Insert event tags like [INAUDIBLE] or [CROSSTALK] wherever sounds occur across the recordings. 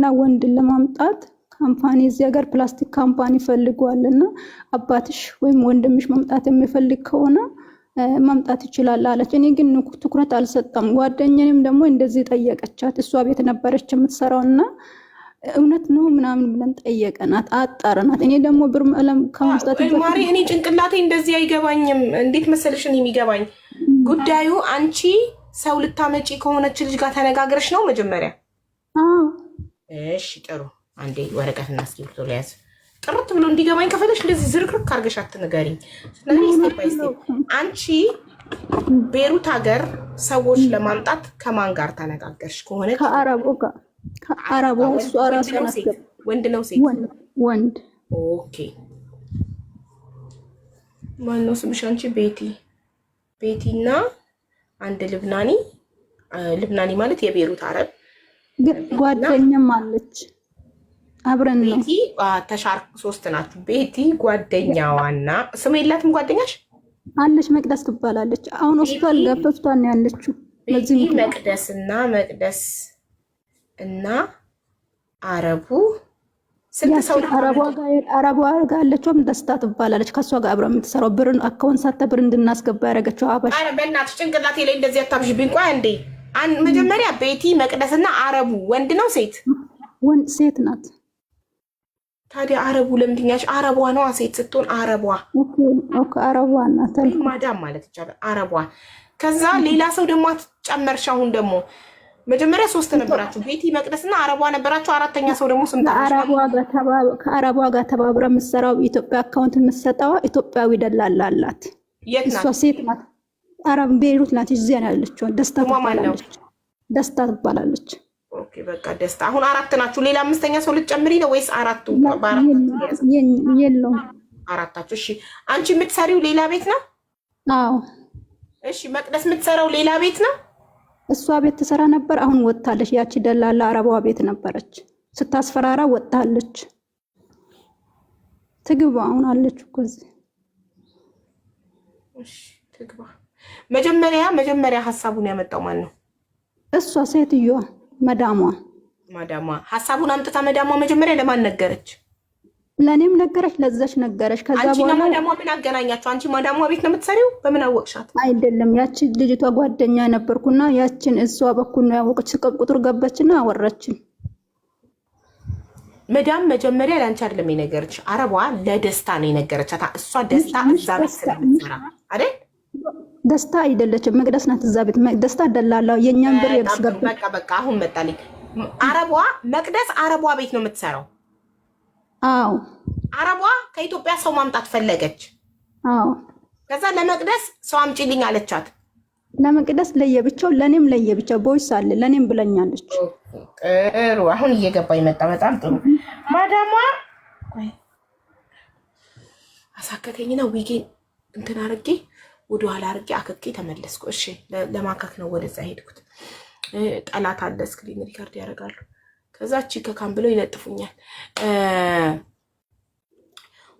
እና ወንድን ለማምጣት ካምፓኒ እዚህ ሀገር ፕላስቲክ ካምፓኒ ፈልጓል እና አባትሽ ወይም ወንድምሽ መምጣት የሚፈልግ ከሆነ መምጣት ይችላል አለች። እኔ ግን ትኩረት አልሰጠም። ጓደኛንም ደግሞ እንደዚህ ጠየቀቻት። እሷ ቤት ነበረች የምትሰራው እና እውነት ነው ምናምን ብለን ጠየቀናት፣ አጣረናት። እኔ ደግሞ ብር መለም ማሪ፣ እኔ ጭንቅላቴ እንደዚህ አይገባኝም። እንዴት መሰለሽን የሚገባኝ ጉዳዩ አንቺ ሰው ልታመጪ ከሆነች ልጅ ጋር ተነጋግረሽ ነው መጀመሪያ እሺ፣ ጥሩ። አንዴ ወረቀትና እስክሪብቶ ለያዝ። ጥርት ብሎ እንዲገባኝ ከፈለሽ እንደዚህ ዝርክርክ አርገሽ አትንገሪኝ። አንቺ ቤሩት ሀገር ሰዎች ለማምጣት ከማን ጋር ተነጋገርሽ? ከሆነ ከአረቦ ጋር ከአረቦ እሱ ወንድ ነው ሴት? ወንድ። ኦኬ። ማነው ስምሽ አንቺ? ቤቲ ቤቲ እና አንድ ልብናኒ ልብናኒ ማለት የቤሩት አረብ ጓደኛም አለች አብረን ነው። ተሻርክ ሶስት ናችሁ። ቤቲ ጓደኛዋና ስም የላትም ጓደኛሽ አለች መቅደስ ትባላለች። አሁን ሆስፒታል ገብቶች ታን ያለችው ለዚህ መቅደስ እና መቅደስ እና አረቡ ስንት ሰው አረቧ ጋር አለችውም ደስታ ትባላለች። ከእሷ ጋር አብረ የምትሰራው ብርን አካውንት ሳተ ብር እንድናስገባ ያደረገችው አበሽ። በእናትሽ ጭንቅላት ላይ እንደዚህ አታብሽ ቢንቋ እንዴ መጀመሪያ ቤቲ መቅደስና አረቡ ወንድ ነው ሴት? ወንድ ሴት ናት። ታዲያ አረቡ ለምድኛች አረቧ ነው ሴት ስትሆን አረቧ አረቧ ናት ማዳም ማለት ይቻላል። አረቧ ከዛ ሌላ ሰው ደግሞ አትጨመርሽ። አሁን ደግሞ መጀመሪያ ሶስት ነበራችሁ፣ ቤቲ መቅደስና አረቧ ነበራችሁ። አራተኛ ሰው ደግሞ ስም ከአረቧ ጋር ተባብረ የምትሰራው ኢትዮጵያ አካውንት የምትሰጠዋ ኢትዮጵያዊ ደላላ አላት። እሷ ሴት ናት። አረብ ቤሩት ናት። እዚያ ያለችው። ደስታ ትባላለች። ደስታ ትባላለች። ኦኬ በቃ ደስታ። አሁን አራት ናችሁ። ሌላ አምስተኛ ሰው ልትጨምሪ ነው ወይስ አራቱ? የለውም አራታችሁ። እሺ አንቺ የምትሰሪው ሌላ ቤት ነው? አዎ። እሺ መቅደስ የምትሰራው ሌላ ቤት ነው? እሷ ቤት ትሰራ ነበር። አሁን ወጥታለች። ያቺ ደላላ አረቧ ቤት ነበረች። ስታስፈራራ ወጥታለች። ትግባ። አሁን አለች እኮ እዚህ። እሺ ትግባ። መጀመሪያ መጀመሪያ ሀሳቡን ያመጣው ማን ነው? እሷ ሴትዮዋ መዳሟ መዳሟ ሀሳቡን አምጥታ መዳሟ መጀመሪያ ለማን ነገረች? ለእኔም ነገረች፣ ለዛች ነገረች። ከዛ በኋላ ምን አገናኛቸው? አንቺ ማዳሟ ቤት ነው የምትሰሪው? በምን አወቅሻት? አይደለም ያቺ ልጅቷ ጓደኛ ነበርኩና ያችን እሷ በኩል ነው ያወቀች። ስቅብ ቁጥር ገባችና አወራችን። መዳም መጀመሪያ ለአንቺ አይደለም የነገረች፣ አረቧ ለደስታ ነው የነገረቻት። እሷ ደስታ እዛ ቤት ስለምትሰራ አይደል ደስታ አይደለችም፣ መቅደስ ናት። እዛ ቤት ደስታ ደላላ የእኛን ብር የብስገብ በቃ በቃ አሁን መጣልኝ። አረቧ መቅደስ አረቧ ቤት ነው የምትሰራው። አዎ አረቧ ከኢትዮጵያ ሰው ማምጣት ፈለገች። አዎ ከዛ ለመቅደስ ሰው አምጪልኝ አለቻት። ለመቅደስ ለየብቻው ለእኔም ለየብቻው ቦይስ አለ ለእኔም ብለኛለች። ጥሩ አሁን እየገባ ይመጣ በጣም ጥሩ ማዳሟ አሳከተኝና ዊጌ እንትን አርጌ ኋላ አድርጌ አክኬ ተመለስኩ። እሺ ለማካክ ነው ወደዛ ሄድኩት። ጠላት አለ ስክሪን ሪካርድ ያደርጋሉ። ከዛ እቺ ከካም ብለው ይለጥፉኛል።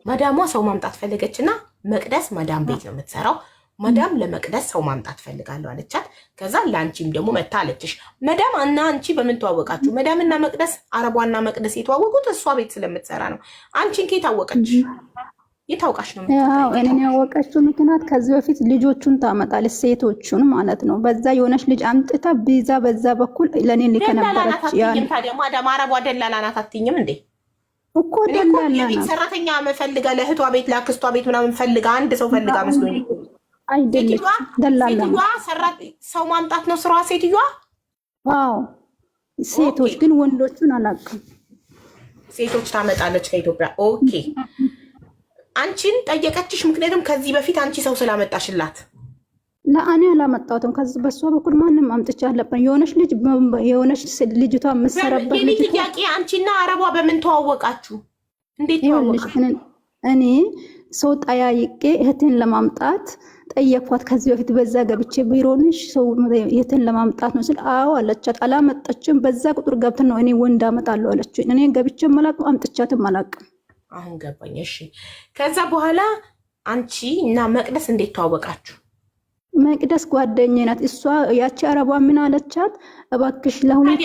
መዳሟ ሰው ማምጣት ፈለገች እና መቅደስ መዳም ቤት ነው የምትሰራው። መዳም ለመቅደስ ሰው ማምጣት ፈልጋለሁ አለቻት። ከዛ ለአንቺም ደግሞ መታ አለችሽ። መዳም እና አንቺ በምን ተዋወቃችሁ? መዳምና መቅደስ አረቧና መቅደስ የተዋወቁት እሷ ቤት ስለምትሰራ ነው። አንቺን ከየት አወቀች? የታውቃሽ ነው። እኔን ያወቀችው ምክንያት ከዚህ በፊት ልጆቹን ታመጣለች፣ ሴቶቹን ማለት ነው። በዛ የሆነች ልጅ አምጥታ ቢዛ በዛ በኩል ለእኔ ሊከነበረች ማረቧ ደላላ ናት። አትይኝም እንዴ እኮ ደላላ ሰራተኛ መፈልጋ ለእህቷ ቤት ለአክስቷ ቤት ምናምን ፈልጋ አንድ ሰው ፈልጋ መስሎኝ አይደለች። ደላላ ሰው ማምጣት ነው ስራዋ ሴትዮዋ። አዎ ሴቶች ግን ወንዶቹን አላውቅም። ሴቶች ታመጣለች ከኢትዮጵያ ኦኬ አንቺን ጠየቀችሽ። ምክንያቱም ከዚህ በፊት አንቺ ሰው ስላመጣሽላት ለእኔ አላመጣሁትም። ከዚህ በሷ በኩል ማንም አምጥቼ አለብን የሆነች ልጅ የሆነች ልጅቷ የምትሰራበት ጥያቄ አንቺና አረቧ በምን ተዋወቃችሁ? እንዴት ተዋወቃችሁ? እኔ ሰው ጠያይቄ እህቴን ለማምጣት ጠየኳት። ከዚህ በፊት በዛ ገብቼ ቢሮንሽ ሰው እህቴን ለማምጣት ነው ስል አዎ አለቻት። አላመጣችም። በዛ ቁጥር ገብተን ነው እኔ ወንድ አመጣለሁ አለችኝ። እኔ ገብቼ አላቅም፣ አምጥቻትም አላቅም። አሁን ገባኝ። እሺ፣ ከዛ በኋላ አንቺ እና መቅደስ እንዴት ተዋወቃችሁ? መቅደስ ጓደኛ ናት። እሷ ያቺ አረቧ ምን አለቻት? እባክሽ ለሁለት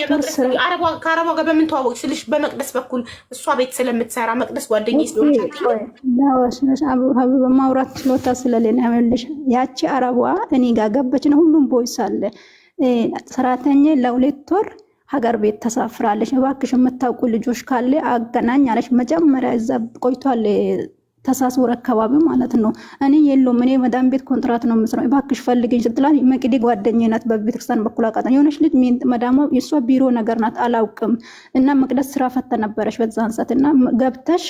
ከአረቧ ጋር በምን ተዋወቅ ስልሽ በመቅደስ በኩል እሷ ቤት ስለምትሰራ መቅደስ ጓደኛ ስለሆነች በማውራት ችሎታ ስለሌለ ያመልሽ። ያቺ አረቧ እኔ ጋር ገባች ነው። ሁሉም ቦይስ አለ ሰራተኛ ለሁለት ወር ሀገር ቤት ተሳፍራለች። እባክሽ የምታውቁ ልጆች ካለ አገናኝ አለች። መጀመሪያ እዛ ቆይቷል ተሳስወር አካባቢ ማለት ነው። እኔ የለውም እኔ መዳን ቤት ኮንትራት ነው የምሰራው እባክሽ ፈልግኝ ስትላል መቅዴ ጓደኛዬ ናት። በቤተክርስቲያን በኩል አቃጠ የሆነች ልጅ መዳሟ የእሷ ቢሮ ነገር ናት አላውቅም። እና መቅደስ ስራ ፈተ ነበረች በዛን ሰዓት እና ገብተሽ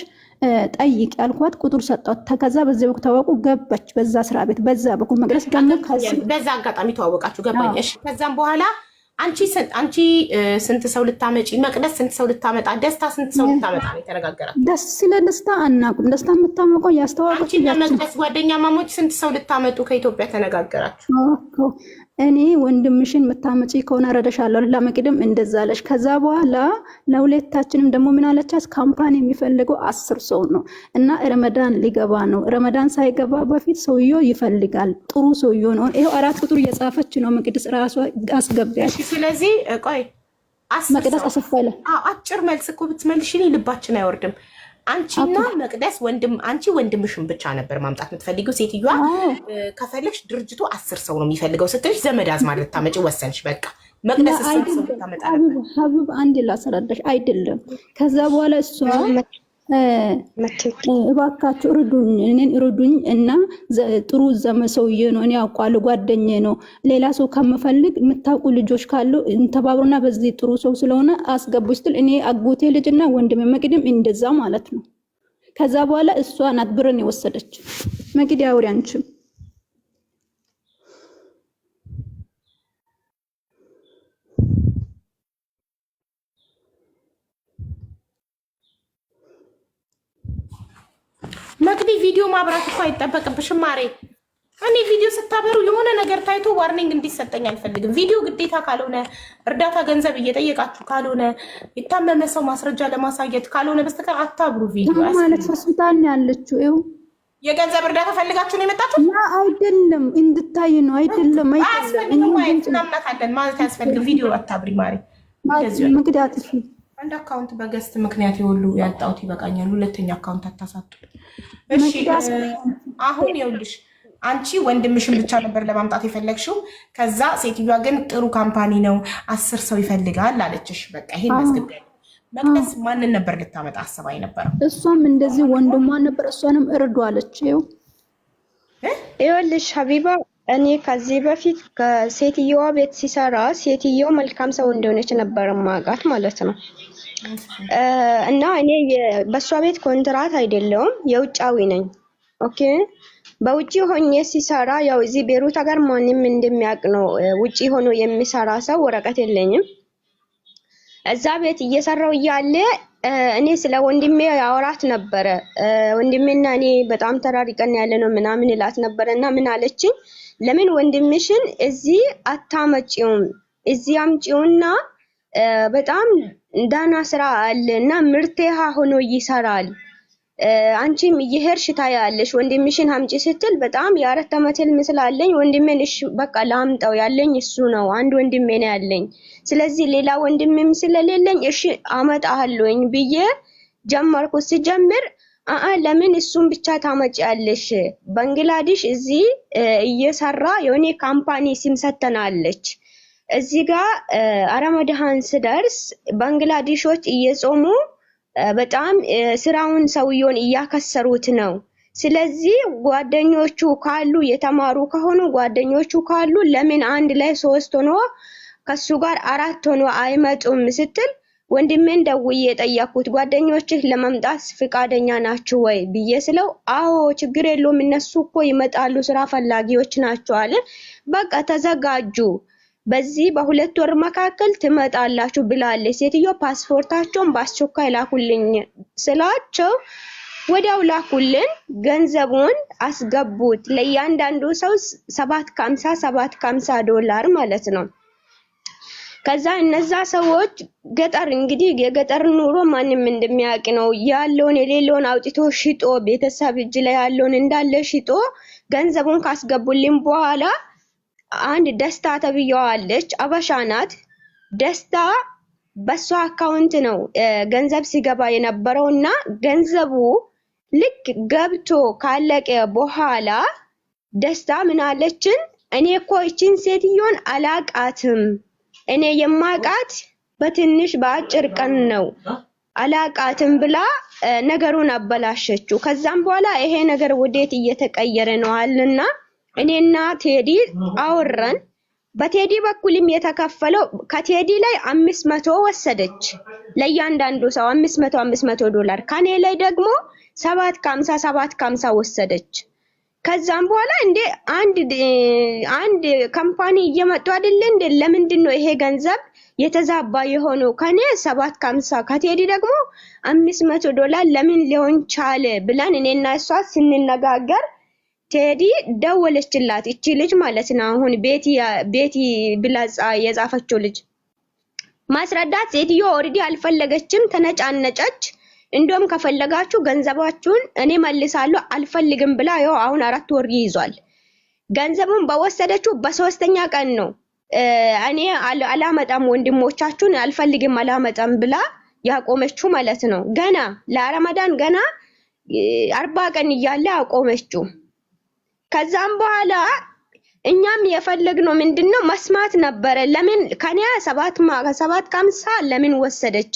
ጠይቅ ያልኳት ቁጥር ሰጠት። ከዛ በዚህ ወቅት ታወቁ ገባች በዛ ስራ ቤት በዛ በኩል መቅደስ ደግሞ በዛ አጋጣሚ ተዋወቃችሁ ገባኛሽ። ከዛም በኋላ አንቺ አንቺ ስንት ሰው ልታመጪ መቅደስ ስንት ሰው ልታመጣ ደስታ ስንት ሰው ልታመጣ ነው የተነጋገራችሁ? ደስ ስለ ደስታ አናቁም። ደስታ የምታመቀው ያስተዋወቀች ለመቅደስ ጓደኛ ማሞች ስንት ሰው ልታመጡ ከኢትዮጵያ ተነጋገራችሁ? እኔ ወንድምሽን የምታመጪ ከሆነ እረዳሻለሁ ለመቅደም እንደዛ አለች። ከዛ በኋላ ለሁለታችንም ደግሞ ምን አለቻት? ካምፓኒ የሚፈልገው አስር ሰው ነው እና ረመዳን ሊገባ ነው። ረመዳን ሳይገባ በፊት ሰውየው ይፈልጋል። ጥሩ ሰውየው ነው። ይኸው አራት ቁጥር እየጻፈች ነው መቅደስ ራሷ አስገቢያች። ስለዚህ ቆይ መቅደስ አስፈለ አጭር መልስ እኮ ብትመልሽልኝ ልባችን አይወርድም። አንቺና መቅደስ ወንድም አንቺ ወንድምሽን ብቻ ነበር ማምጣት የምትፈልጊው። ሴትዮዋ ከፈለግሽ ድርጅቱ አስር ሰው ነው የሚፈልገው ስትልሽ ዘመድ አዝማድ ልታመጪ ወሰንሽ። በቃ መቅደስ ታመጣ አንድ ላስረዳሽ አይደለም ከዛ በኋላ እሷ እባካችሁ እርዱኝ፣ እኔን እርዱኝ እና ጥሩ ዘመ ሰውዬ ነው፣ እኔ አውቀዋለሁ፣ ጓደኛዬ ነው። ሌላ ሰው ከምፈልግ የምታውቁ ልጆች ካሉ ተባብሩና በዚህ ጥሩ ሰው ስለሆነ አስገቡ ስትል እኔ አጎቴ ልጅና እና ወንድሜ መቅድም እንደዛ ማለት ነው። ከዛ በኋላ እሷ ናት ብርን የወሰደች መቅድ ያውሪ አንቺም መቅዲ ቪዲዮ ማብራት እኮ አይጠበቅብሽም ማሬ። እኔ ቪዲዮ ስታበሩ የሆነ ነገር ታይቶ ዋርኒንግ እንዲሰጠኝ አልፈልግም። ቪዲዮ ግዴታ ካልሆነ እርዳታ ገንዘብ እየጠየቃችሁ ካልሆነ የታመመ ሰው ማስረጃ ለማሳየት ካልሆነ በስተቀር አታብሩ ቪዲዮ። ማለት ሆስፒታል ያለችው። ይኸው የገንዘብ እርዳታ ፈልጋችሁ ነው የመጣችሁ? አይደለም እንድታይ ነው። አይደለም አይደለም፣ እናምናታለን ማለት አያስፈልግም። ቪዲዮ አታብሪ ማሬ። ምክንያት አንድ አካውንት በገስት ምክንያት የወሉ ያጣሁት ይበቃኛል። ሁለተኛ አካውንት አታሳጡ። እሺ አሁን የውልሽ አንቺ ወንድምሽን ብቻ ነበር ለማምጣት የፈለግሽው። ከዛ ሴትዮዋ ግን ጥሩ ካምፓኒ ነው አስር ሰው ይፈልጋል አለችሽ። በቃ ይሄን መስገብ መቅደስ ማንን ነበር ልታመጣ አስባ ነበረው? እሷም እንደዚህ ወንድሟ ነበር። እሷንም እርዱ አለች። ይኸው ይኸውልሽ ሀቢባ እኔ ከዚህ በፊት ከሴትየዋ ቤት ሲሰራ ሴትየው መልካም ሰው እንደሆነች ነበር ማውቃት ማለት ነው። እና እኔ በእሷ ቤት ኮንትራት አይደለውም የውጫዊ ነኝ። ኦኬ በውጪ ሆኜ ሲሰራ ያው እዚህ ቤሩት ሀገር ማንም እንደሚያውቅ ነው። ውጪ ሆኖ የሚሰራ ሰው ወረቀት የለኝም። እዛ ቤት እየሰራው እያለ እኔ ስለ ወንድሜ ያወራት ነበረ። ወንድሜና እኔ በጣም ተራሪቀን ያለ ነው ምናምን እላት ነበረ እና ምን አለችኝ ለምን ወንድምሽን እዚህ አታመጪውም? እዚህ አምጪውና በጣም ዳና ስራ አለ እና ምርቴሃ ሆኖ ይሰራል። አንቺም እየሄድሽ ታያለሽ። ወንድምሽን አምጪ ስትል በጣም የአራት ዓመት ህልም ስላለኝ ወንድሜን እሺ በቃ ላምጠው ያለኝ እሱ ነው። አንድ ወንድሜ ነው ያለኝ። ስለዚህ ሌላ ወንድሜም ስለሌለኝ እሺ አመጣለሁኝ ብዬ ጀመርኩ። ስጀምር አአ ለምን እሱን ብቻ ታመጪያለሽ? ባንግላዴሽ እዚህ እየሰራ የሆነ ካምፓኒ ስም ሰተናለች። እዚህ ጋር ረመዳን ስደርስ ባንግላዴሾች እየጾሙ በጣም ስራውን ሰውየውን እያከሰሩት ነው። ስለዚህ ጓደኞቹ ካሉ የተማሩ ከሆኑ ጓደኞቹ ካሉ ለምን አንድ ላይ ሶስት ሆኖ ከሱ ጋር አራት ሆኖ አይመጡም ስትል ወንድሜን ደውዬ የጠየኩት ጓደኞችህ ለመምጣት ፍቃደኛ ናችሁ ወይ ብዬ ስለው፣ አዎ ችግር የለውም እነሱ እኮ ይመጣሉ ስራ ፈላጊዎች ናቸው አለ። በቃ ተዘጋጁ፣ በዚህ በሁለት ወር መካከል ትመጣላችሁ ብላለች ሴትዮ። ፓስፖርታቸውን በአስቸኳይ ላኩልኝ ስላቸው ወዲያው ላኩልን። ገንዘቡን አስገቡት። ለእያንዳንዱ ሰው ሰባት ከሀምሳ ሰባት ከሀምሳ ዶላር ማለት ነው። ከዛ እነዛ ሰዎች ገጠር እንግዲህ የገጠር ኑሮ ማንም እንደሚያውቅ ነው ያለውን የሌለውን አውጥቶ ሽጦ ቤተሰብ እጅ ላይ ያለውን እንዳለ ሽጦ ገንዘቡን ካስገቡልን በኋላ አንድ ደስታ ተብየዋለች። አበሻ ናት። ደስታ በሷ አካውንት ነው ገንዘብ ሲገባ የነበረው እና ገንዘቡ ልክ ገብቶ ካለቀ በኋላ ደስታ ምናለችን፣ እኔ እኮ እቺን ሴትዮን አላቃትም እኔ የማቃት በትንሽ በአጭር ቀን ነው አላቃትም ብላ ነገሩን አበላሸችው። ከዛም በኋላ ይሄ ነገር ወዴት እየተቀየረ ነው አልና እኔና ቴዲ አወራን። በቴዲ በኩልም የተከፈለው ከቴዲ ላይ አምስት መቶ ወሰደች ለእያንዳንዱ ሰው አምስት መቶ አምስት መቶ ዶላር ከኔ ላይ ደግሞ ሰባት ከሀምሳ ሰባት ከሀምሳ ወሰደች። ከዛም በኋላ እንደ አንድ አንድ ካምፓኒ እየመጡ አይደለ እንደ ለምንድን ነው ይሄ ገንዘብ የተዛባ የሆነው? ከኔ ሰባት ከሀምሳ ከቴዲ ደግሞ አምስት መቶ ዶላር ለምን ሊሆን ቻለ ብለን እኔና እሷ ስንነጋገር ቴዲ ደወለችላት። እቺ ልጅ ማለት ነው አሁን ቤቲ ቤቲ ብላ የጻፈችው ልጅ ማስረዳት ሴትዮ ኦልሬዲ አልፈለገችም፣ ተነጫነጨች። እንደውም ከፈለጋችሁ ገንዘባችሁን እኔ መልሳለሁ አልፈልግም ብላ ያው አሁን አራት ወር ይዟል። ገንዘቡን በወሰደችው በሶስተኛ ቀን ነው እኔ አላመጣም ወንድሞቻችሁን አልፈልግም አላመጣም ብላ ያቆመችው ማለት ነው። ገና ለረመዳን ገና አርባ ቀን እያለ አቆመችው ከዛም በኋላ እኛም የፈለግነው ምንድነው መስማት ነበረ። ለምን ከኒያ ሰባት ከሰባት ከአምሳ ለምን ወሰደች?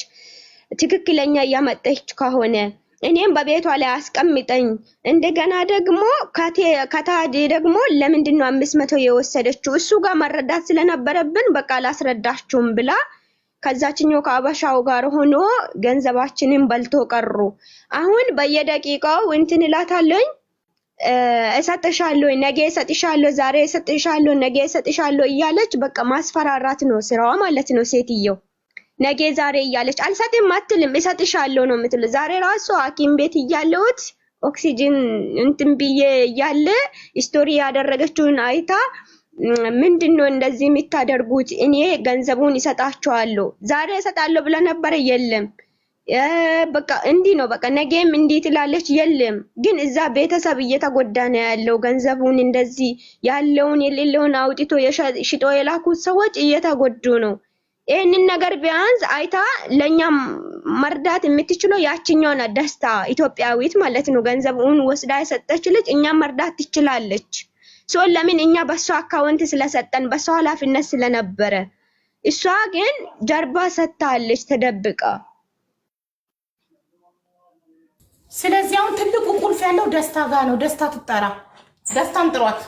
ትክክለኛ እያመጠች ከሆነ እኔም በቤቷ ላይ አስቀምጠኝ። እንደገና ደግሞ ከታዲ ደግሞ ለምንድን ነው አምስት መቶ የወሰደችው? እሱ ጋር መረዳት ስለነበረብን በቃ አላስረዳችሁም ብላ ከዛችኛው ከአበሻው ጋር ሆኖ ገንዘባችንን በልቶ ቀሩ። አሁን በየደቂቃው እንትን እላታለኝ፣ እሰጥሻለሁ፣ ነገ እሰጥሻለሁ፣ ዛሬ እሰጥሻለሁ፣ ነገ እሰጥሻለሁ እያለች በቃ ማስፈራራት ነው ስራዋ ማለት ነው ሴትየው። ነገ ዛሬ እያለች አልሰጥም አትልም፣ እሰጥሻለሁ ነው የምትለው። ዛሬ ራሱ ሐኪም ቤት እያለሁት ኦክሲጅን እንትን ብዬ እያለ ስቶሪ ያደረገችውን አይታ ምንድን ነው እንደዚህ የምታደርጉት? እኔ ገንዘቡን እሰጣቸዋለሁ ዛሬ እሰጣለሁ ብለ ነበረ። የለም በቃ እንዲህ ነው በቃ ነገም እንዲህ ትላለች። የለም ግን እዛ ቤተሰብ እየተጎዳ ነው ያለው። ገንዘቡን እንደዚህ ያለውን የሌለውን አውጥቶ ሽጦ የላኩት ሰዎች እየተጎዱ ነው። ይህንን ነገር ቢያንስ አይታ ለእኛ መርዳት የምትችለው ያችኛውን ደስታ ኢትዮጵያዊት ማለት ነው። ገንዘቡን ወስዳ የሰጠች ልጅ እኛ መርዳት ትችላለች። ሲሆን ለምን እኛ በሷ አካውንት ስለሰጠን በሷ ኃላፊነት ስለነበረ፣ እሷ ግን ጀርባ ሰጥታለች ተደብቃ። ስለዚህ አሁን ትልቁ ቁልፍ ያለው ደስታ ጋር ነው። ደስታ ትጠራ። ደስታን ጥሯት።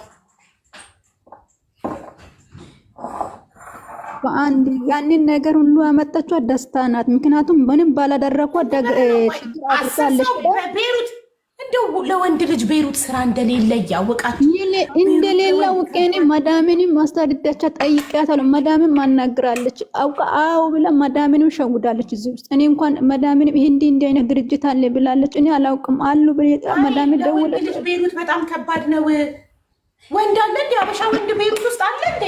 በአንድ ያንን ነገር ሁሉ ያመጣችው ደስታ ናት። ምክንያቱም ምንም ባላደረኩ ቤሩት እንደው ለወንድ ልጅ ቤሩት ስራ እንደሌለ እያወቃት እንደሌለ አውቄ እኔ መዳሜንም ማስታድዳቻ መዳምን ማናግራለች አናግራለች አውቃ አዎ ብላ መዳሜንም ሸውዳለች። እዚህ ውስጥ እኔ እንኳን መዳሜንም ይህ እንዲህ እንዲህ አይነት ድርጅት አለ ብላለች። እኔ አላውቅም አሉ ብ መዳምን ደውላለች። ቤሩት በጣም ከባድ ነው። ወንድ አለ እንዲ አበሻ ወንድ ቤሩት ውስጥ አለ እንዴ?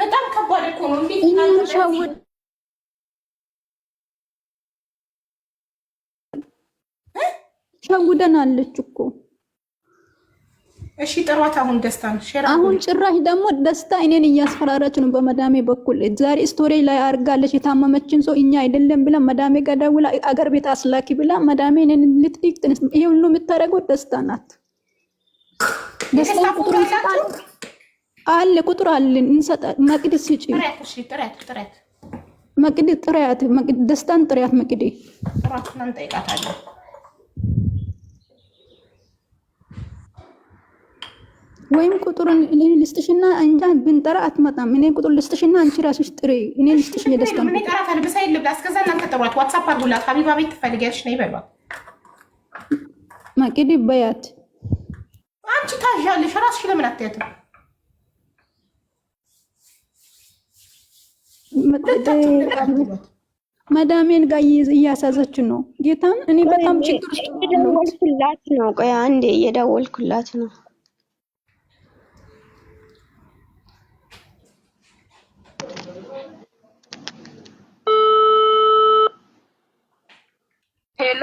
በጣም ከባድ እኮ ነው። ሸውደን አለች እኮ። እሺ ጥሯት። አሁን ደስታን አሁን ጭራሽ ደግሞ ደስታ እኔን እያስፈራራች ነው በመዳሜ በኩል። ዛሬ ስቶሪ ላይ አርጋለች የታመመችን ሰው እኛ አይደለም ብላ መዳሜ ገደውላ አገር ቤት አስላኪ ብላ መዳሜ እኔን ልትዲቅ። ይሄ ሁሉ የምታደርገው ደስታ ናት። ደስታ ቁጥሩ አለ ቁጥር አለን እንሰጣ መቅድ ስጪ መቅድ ጥሪያት ደስታን ጥሪያት መቅድ ወይም ቁጥሩን እኔ ልስጥሽና እንጃ ብንጠራ አትመጣም። እኔ ቁጥር ልስጥሽና አንቺ ራስሽ ጥሪ። እኔ ልስጥሽ የደስታ ነው። ይቀራታል ብሳ ይልብላ። እስከዛ እናንተ ጥሯት፣ ዋትሳፕ አድርጉላት። ሀቢባ ቤት ትፈልጊያለሽ ነው ይበሏት። ማቄድ ይበያት። አንቺ ታዣለሽ። ራስሽ ለምን አትያትም? መዳሜን ጋር እያሳዘች ነው። ጌታን እኔ በጣም ችግር ውስጥ እየደወልኩላት ነው። ቆይ አንዴ እየደወልኩላት ነው። ሄሎ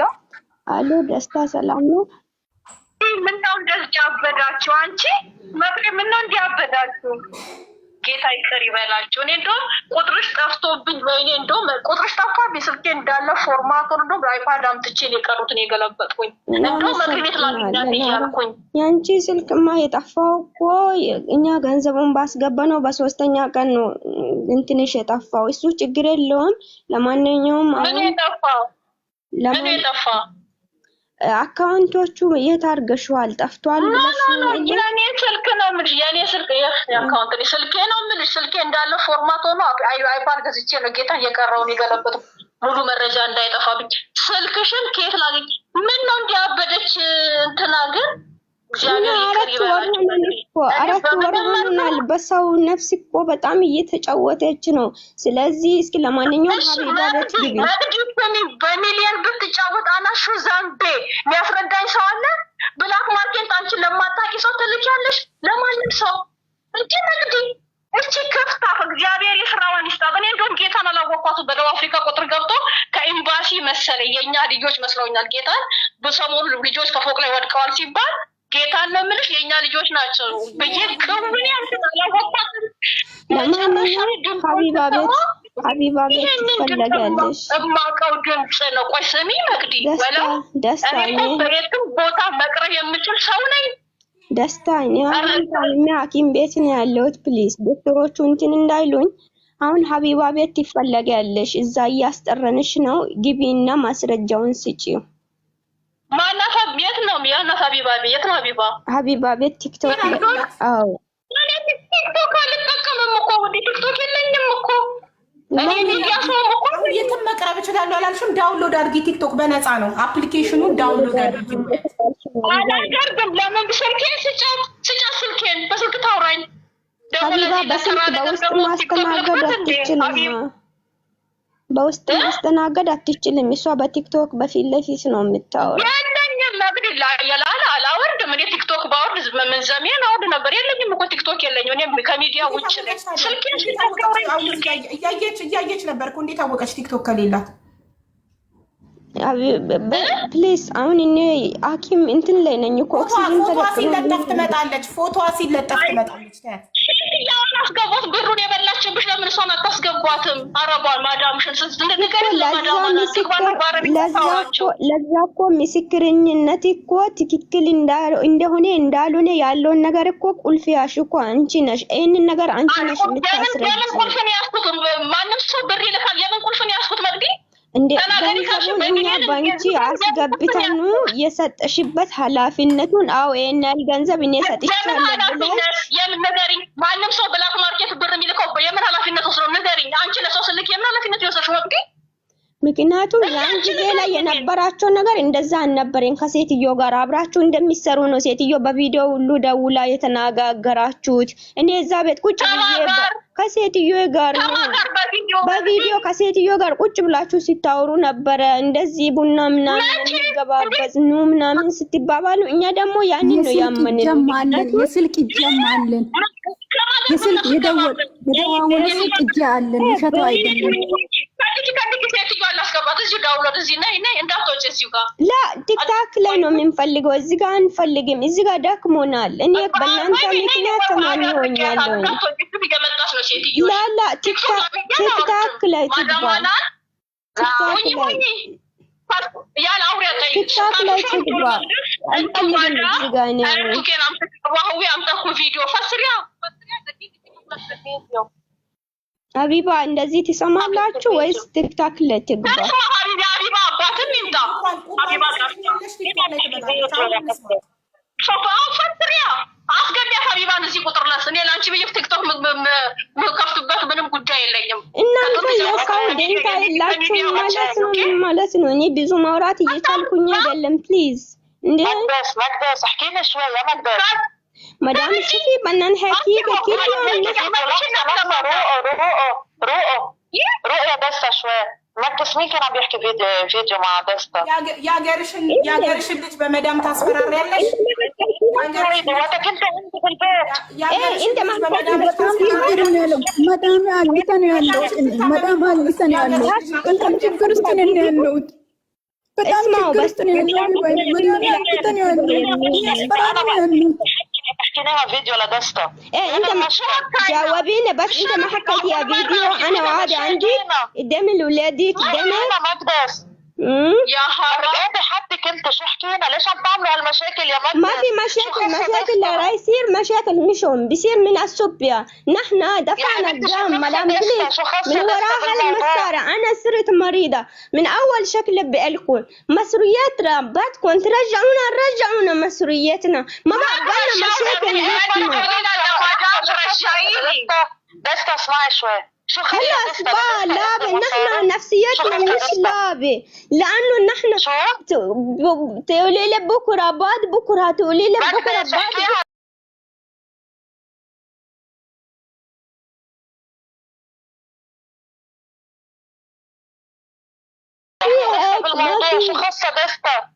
አሎ፣ ደስታ ሰላም ነው? ምነው እንደዚህ አበዳችሁ? አንቺ መቅሬ ምነው እንዲህ አበዳችሁ? ጌታ ይቅር ይበላቸው። እኔ እንደውም ቁጥርሽ ጠፍቶብኝ ወይኔ እንደውም ቁጥርሽ ጠፍቷብኝ ስልኬ እንዳለ ፎርማት ሆኖ እንደውም አይፓድ አምጥቼ የቀሩትን የገለበጥኩኝ እንደውም ምክር ቤት ላገኛት እያልኩኝ የአንቺ ስልክማ የጠፋው እኮ እኛ ገንዘቡን ባስገባ ነው በሶስተኛ ቀን ነው እንትንሽ የጠፋው። እሱ ችግር የለውም። ለማንኛውም ምን የጠፋው ምን የጠፋው አካውንቶቹ የት አድርገሽዋል? ጠፍቷል ብለሽ የኔ ስልክ ነው የምልሽ፣ የኔ ስልክ አካውንት ስልኬ ነው የምልሽ። ስልኬ እንዳለ ፎርማት ሆኖ አይፓድ ገዝቼ ነው ጌታ እየቀረውን የገለበት ሙሉ መረጃ እንዳይጠፋብኝ። ስልክሽን ከየት ላገኝ? ምን ነው እንዲያበደች እንትና ግን አራት ወር ሆኖናል። በሰው ነፍስ እኮ በጣም እየተጫወተች ነው። ስለዚህ እስኪ ለማንኛውም ሀሪዳረች ግቢ በሚሊየን ብትጫወት አናሹ ዘንቤ የሚያስረዳኝ ሰው አለ። ብላክ ማርኬት አንቺን ለማታቂ ሰው ትልኪያለሽ፣ ለማንም ሰው እንጂ ንግዲ እቺ ክፍታ እግዚአብሔር የስራዋን ይስጣት። እኔ እንደውም ጌታን አላወኳቱ በደቡብ አፍሪካ ቁጥር ገብቶ ከኤምባሲ መሰለ የእኛ ልጆች መስለውኛል። ጌታን በሰሞኑ ልጆች ከፎቅ ላይ ወድቀዋል ሲባል ጌታ ነው የምልሽ፣ የእኛ ልጆች ናቸው ብዬ ክቡን ሀቢባ ድምፅ ነው። ቆይ ስሚ መቅዲ በየትም ቦታ መቅረብ የምችል ሰው ነኝ። ደስታኛ አሁን ሐኪም ቤት ነው ያለሁት። ፕሊዝ ዶክተሮቹ እንትን እንዳይሉኝ። አሁን ሀቢባ ቤት ትፈለጋለሽ፣ እዛ እያስጠረንሽ ነው። ግቢና ማስረጃውን ስጪው ማናት? የት ነው ያናት? ሀቢባ የት ነው? ሀቢባ ሀቢባ ቤት ቲክቶክ። አዎ ቲክቶክ አልጠቀምም እኮ ወደ ቲክቶክ የለኝም እኮ የትም መቅረብ እችላለሁ አላልሽም? ዳውንሎድ አድርጊ፣ ቲክቶክ በነፃ ነው አፕሊኬሽኑ። ዳውንሎድ አድርጊ። ለምን ስልኬን ስጫት ስልኬን በስልክ ታውራኝ ሀቢባ። በስልክ በውስጥ ማስተናገድ አትችልም። በውስጥ ማስተናገድ አትችልም። እሷ በቲክቶክ በፊት ለፊት ነው የምታወራው። የለኝም መግድ አላወርድም እኔ ቲክቶክ ባወርድ አወርድ ነበር። የለኝም እኮ ቲክቶክ የለኝም። እኔ ከሚዲያ ውጭ እያየች እያየች ነበር እኮ እንዴት አወቀች ቲክቶክ ከሌላት? ፕሊስ አሁን እኔ ሐኪም እንትን ላይ ነኝ እኮ ሲለጠፍ ትመጣለች። ፎቶዋ ሲለጠፍ ትመጣለች። ያውን አስገቧት። ብሩን የበላችብሽ ለምን እሷን አታስገቧትም? አረቧን ማዳምሽን ለዛ እኮ ምስክርኝነት እኮ ትክክል እንደሆነ እንዳልሆነ ያለውን ነገር እኮ ቁልፍ ያልሽው እኮ አንቺ ነሽ። ይህንን ነገር አንቺ ነሽ የምታስረጅ። ቁልፍን ያዝኩት? ማንም ሰው ብር ይልካል። የምን ቁልፍን ያዝኩት መቅዲ እንደ ገንዘቡን እኛ ባንቺ አስገብተን የሰጠሽበት ኃላፊነቱን አዎ፣ ይሄን ያህል ገንዘብ እኔ ሰጥቻለሁ ብለሽ የምን ንገሪኝ። ማንም ሰው ብላክ ማርኬት ብር የሚልከው የምን ኃላፊነት ወስዶ ንገሪኝ። አንቺ ለሰው ስልክ የምን ኃላፊነት ይወሰድሽ ወቅኝ ምክንያቱም ያን ጊዜ ላይ የነበራቸው ነገር እንደዛ አልነበረም። ከሴትዮ ጋር አብራችሁ እንደሚሰሩ ነው። ሴትዮ በቪዲዮ ሁሉ ደውላ የተናጋገራችሁት። እኔ እዛ ቤት ቁጭ ብዬ ከሴትዮ ጋር በቪዲዮ ከሴትዮ ጋር ቁጭ ብላችሁ ሲታወሩ ነበረ። እንደዚህ ቡና ምናምን እንገባበዝ ኑ ምናምን ስትባባሉ፣ እኛ ደግሞ ያንን ነው ያመንን። የስልክ እጅም አለን የስልክ የደወለ ስልክ እጅ አለን። ውሸቱ አይደለም። ላ ቲክታክ ላይ ነው የምንፈልገው። እዚህ ጋር አንፈልግም። እዚህ ጋር ደክሞናል። እኔ በእናንተ ምክንያት ተማሪ ሆኛለሁ። ላላ ቲክታክ ላይ ትግባል። ቲክታክ ላይ ትግባል። አንፈልግም እዚህ ጋር እኔ ሀቢባ እንደዚህ ትሰማላችሁ ወይስ ቲክታክ ለትግባ? አስገቢያት ሀቢባን እዚህ ቁጥር ናት። እኔ ለአንቺ ብዬ ቲክቶክ የምከፍትበት ምንም ጉዳይ የለኝም። እናንተ የሰው ደንታ የላችሁ ማለት ነው ማለት ነው። እኔ ብዙ ማውራት እየቻልኩኝ አይደለም። ፕሊዝ እንዴ መቅደስ መቅደስ Madame Shafi Banan Haki أكيد رؤى رؤيا دسة شوية ما بتسميه كان عم يحكي فيديو, فيديو مع دستا يا يا قرشن يا قرشن لك بمدام تصبر ليش وقتك انت انت في البيت يا انت ما مدام تصبر مدام قالتني انه مدام قالتني انه انت متذكرتني انه اسمعوا بس مدام قالتني انه مسكينها فيديو ولا دسته ايه انت ما جاوبينا بس انت ما حكيتيها فيديو انا وعادي عندي قدام الولاد دي قدامها يا حرام حدك انت شو حكينا ليش عم تعملوا هالمشاكل يا مدن ما في مشاكل مشاكل يا راي يصير مشاكل مشون بيصير من السوبيا نحن دفعنا يعني الدم مدام بليك من وراها هالمسارة انا صرت مريضة من اول شكل بقلكم مسؤوليات رباتكم ترجعونا رجعونا مسؤوليتنا ما بقبلنا مشاكل نحن بس تسمعي شوي شو خلي بقى لعبة نحن نفسيتنا مش لعبة لأنه نحن شو؟ تقولي لي بكرة بعد بكرة تقولي لي بكرة بعد بالموضوع شو خاصة بيختار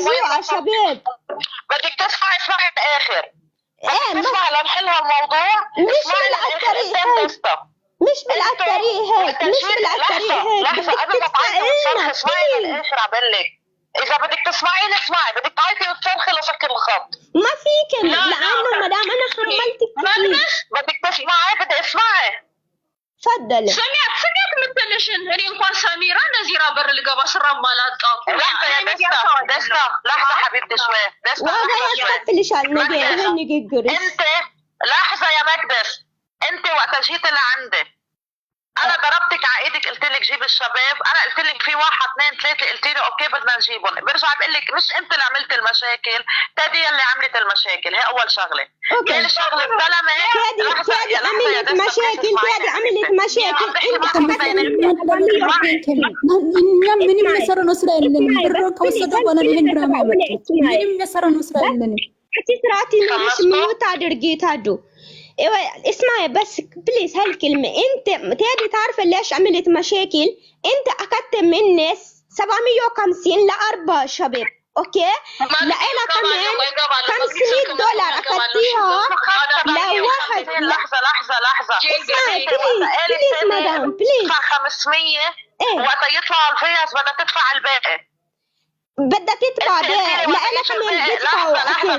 بدك تسمعي اسمعي الاخر ايه نسمع لنحل هالموضوع مش بالعالطريقه مش بالعالطريقه هيك مش بالعالطريقه هيك لحظه انا ما تعيطي وتصرخي اسمعي للاخر عبال لك إذا بدك تسمعي لي اسمعي بدك تعيطي وتصرخي لسكر الخط ما فيك لأنه مدام أنا حملتك كثير بدك تسمعي بدي أسمعي تفضل سمعت سمعت مثلشن اني انكون سميرة نزيرا بر اللي قبا سرا مالات لا بس لحظة انت لحظة يا مكدس انت وقت جيت لعندي انا ضربتك على ايدك قلت لك جيب الشباب انا قلت لك في واحد اثنين ثلاثه قلت لي اوكي بدنا نجيبهم برجع بقول لك مش انت اللي عملت المشاكل تادي اللي عملت المشاكل هي اول شغله ثاني شغله الزلمه تادي عملت مشاكل تادي عملت مشاكل من من سر نصرة لنا برك وصدق وانا من برامج من سر نصرة لنا حتى سرعتي مش ميوت አድርጌታለሁ إيوة، اسمعي بس بليز هالكلمة انت تادي تعرف ليش عملت مشاكل انت اكدت من ناس 750 لاربع شباب اوكي لقينا كمان 500 دولار اكدتيها لواحد لحظه لحظه لحظه اسمعي بليز بليز مدام بليز 500 ايه وقت يطلع الفيص بدها تدفع الباقي بدها تدفع لا انا كمان بدفع لحظة لحظة ما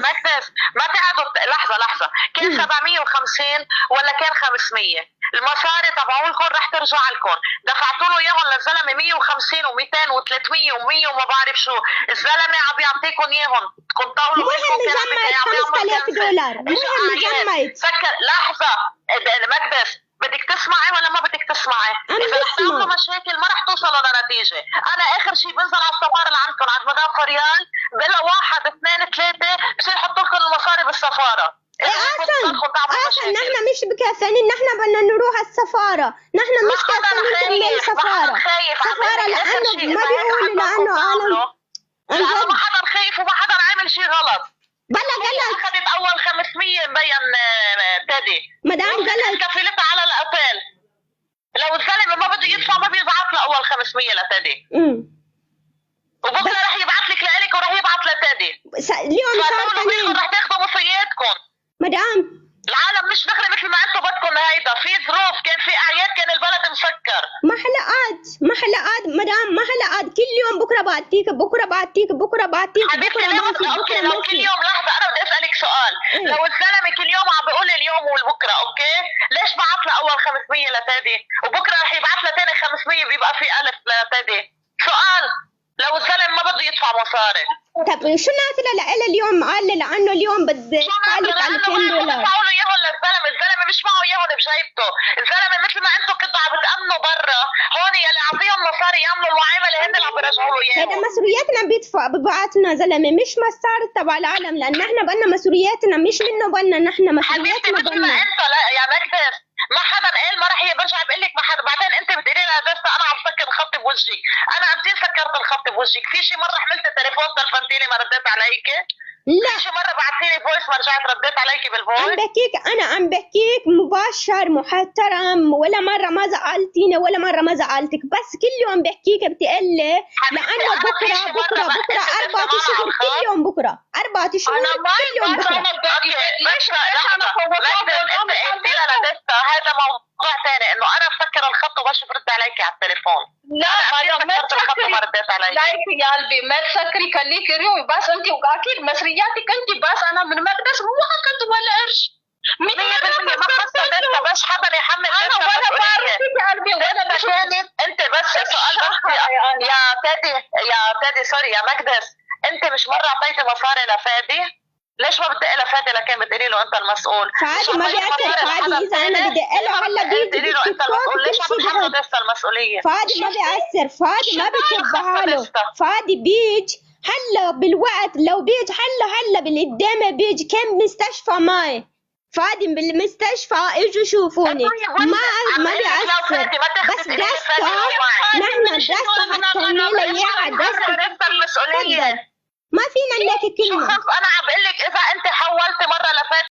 ما تقعدوا لحظه لحظه كان 750 ولا كان 500 المصاري تبعولكم رح ترجع لكم دفعتوا له اياهم للزلمه 150 و200 و300 و100 وما بعرف شو الزلمه عم يعطيكم اياهم كنت طاولوا بالكم مهم عم يعمل 5000 دولار المهم جمعت فكر لحظه إيه، إيه، مكبس بدك تسمعي ولا ما بدك تسمعي؟ اذا رح تعملوا مشاكل ما رح توصلوا لنتيجه، انا اخر شيء بنزل على السفاره اللي عندكم عند مدام فريال بلا واحد اثنين ثلاثه بصير يحط لكم المصاري بالسفاره اصلا اصلا نحن مش بكافئين نحن بدنا نروح على السفاره نحن مش كافيين نكمل سفاره سفاره لانه ما بيقولوا لانه انا لانه ما حدا خايف وما حدا عامل شيء غلط بلا قال لك اخذت اول 500 مبين تادي مدام قال لك كفلتها على الاقل لو السلمة ما بده يدفع ما بيبعث له اول 500 لتادي وبكره رح يبعث لك لإلك وراح يبعث لتادي س... اليوم صار قانون رح تاخذوا مصرياتكم مدام العالم مش دغري مثل ما انتم بدكم هيدا في ظروف كان في اعياد كان البلد مسكر ما حلقات ما حلقات مدام ما حلقات كل يوم بكره بعطيك بكره بعطيك بكره بعطيك حبيبتي ليه اوكي لو كل يوم لحظه انا بدي اسالك سؤال ايه؟ لو الزلمه كل يوم عم بيقول اليوم والبكره اوكي ليش بعت لها اول 500 لتادي وبكره رح يبعث لها ثاني 500 بيبقى في 1000 لتادي سؤال لو الزلمه ما بده يدفع مصاري طب شو نازله لها اليوم قال لانه اليوم بدي اشتغلك لانه 200 دولار معه اياهم للزلمه، الزلمه مش معه اياهم بجيبته، الزلمه مثل ما انتم كنتوا عم بتامنوا برا، هون يلي اعطيهم مصاري يعملوا المعامله هن اللي عم بيرجعوا له هذا مسؤولياتنا بيدفع ببعاتنا زلمه مش مسار تبع العالم لان نحن بدنا مسؤولياتنا مش منه بدنا نحن حبيبتي مثل ما انت انتم لا يا مكتب ما حدا قال ما راح هي برجع بقول لك ما حدا بعدين انت بتقولي لي انا عم سكر الخط بوجهي انا امتى سكرت الخط بوجهك في شي مره عملت تليفون تلفنتيني ما رديت عليك لا شو مره بعثيني فويس ما رجعت رديت عليكي بالفويس عم بحكيك انا عم بحكيك مباشر محترم ولا مره ما زعلتيني ولا مره ما زعلتك بس كل يوم بحكيك بتقلي لانه بكره بكره بكره اربعة شهور كل يوم بكره اربعة شهور انا ما كل يوم بكره انا بدي مش انا فوقت هذا موضوع موضوع ثاني انه انا بفكر الخط وبشوف رد عليك على التليفون لا ما ما تفكري ما رديت عليك لايك يا قلبي ما تفكري خليك ريوي بس انت واكيد مصرياتك انت بس انا من مقدس مو اخذت ولا قرش 100% ما خصها انت بس حدا يحمل انا ولا بعرف يا قلبي ولا كانت انت بس [LAUGHS] سؤال يا فادي يا فادي سوري يا مقدس انت مش مره اعطيتي مصاري لفادي ليش ما بدي لها فاتي لكان بتقولي له انت المسؤول عادي ما بيأثر عادي اذا انا بدي له هلا بيجي بتقولي له انت المسؤول ليش عم تحمل لسه المسؤوليه فادي ما بيأثر فادي ما بكب حاله فادي بيج هلا بالوقت لو بيج هلا هلا بالقدامه بيج كم مستشفى ماي فادي بالمستشفى اجوا شوفوني طيب، ما ما بيأثر بس دستا نحن دستا حتى ليا دستا المسؤوليه ما فينا نلاقي كلمه انا انا بقول لك اذا انت حولتي مره لفات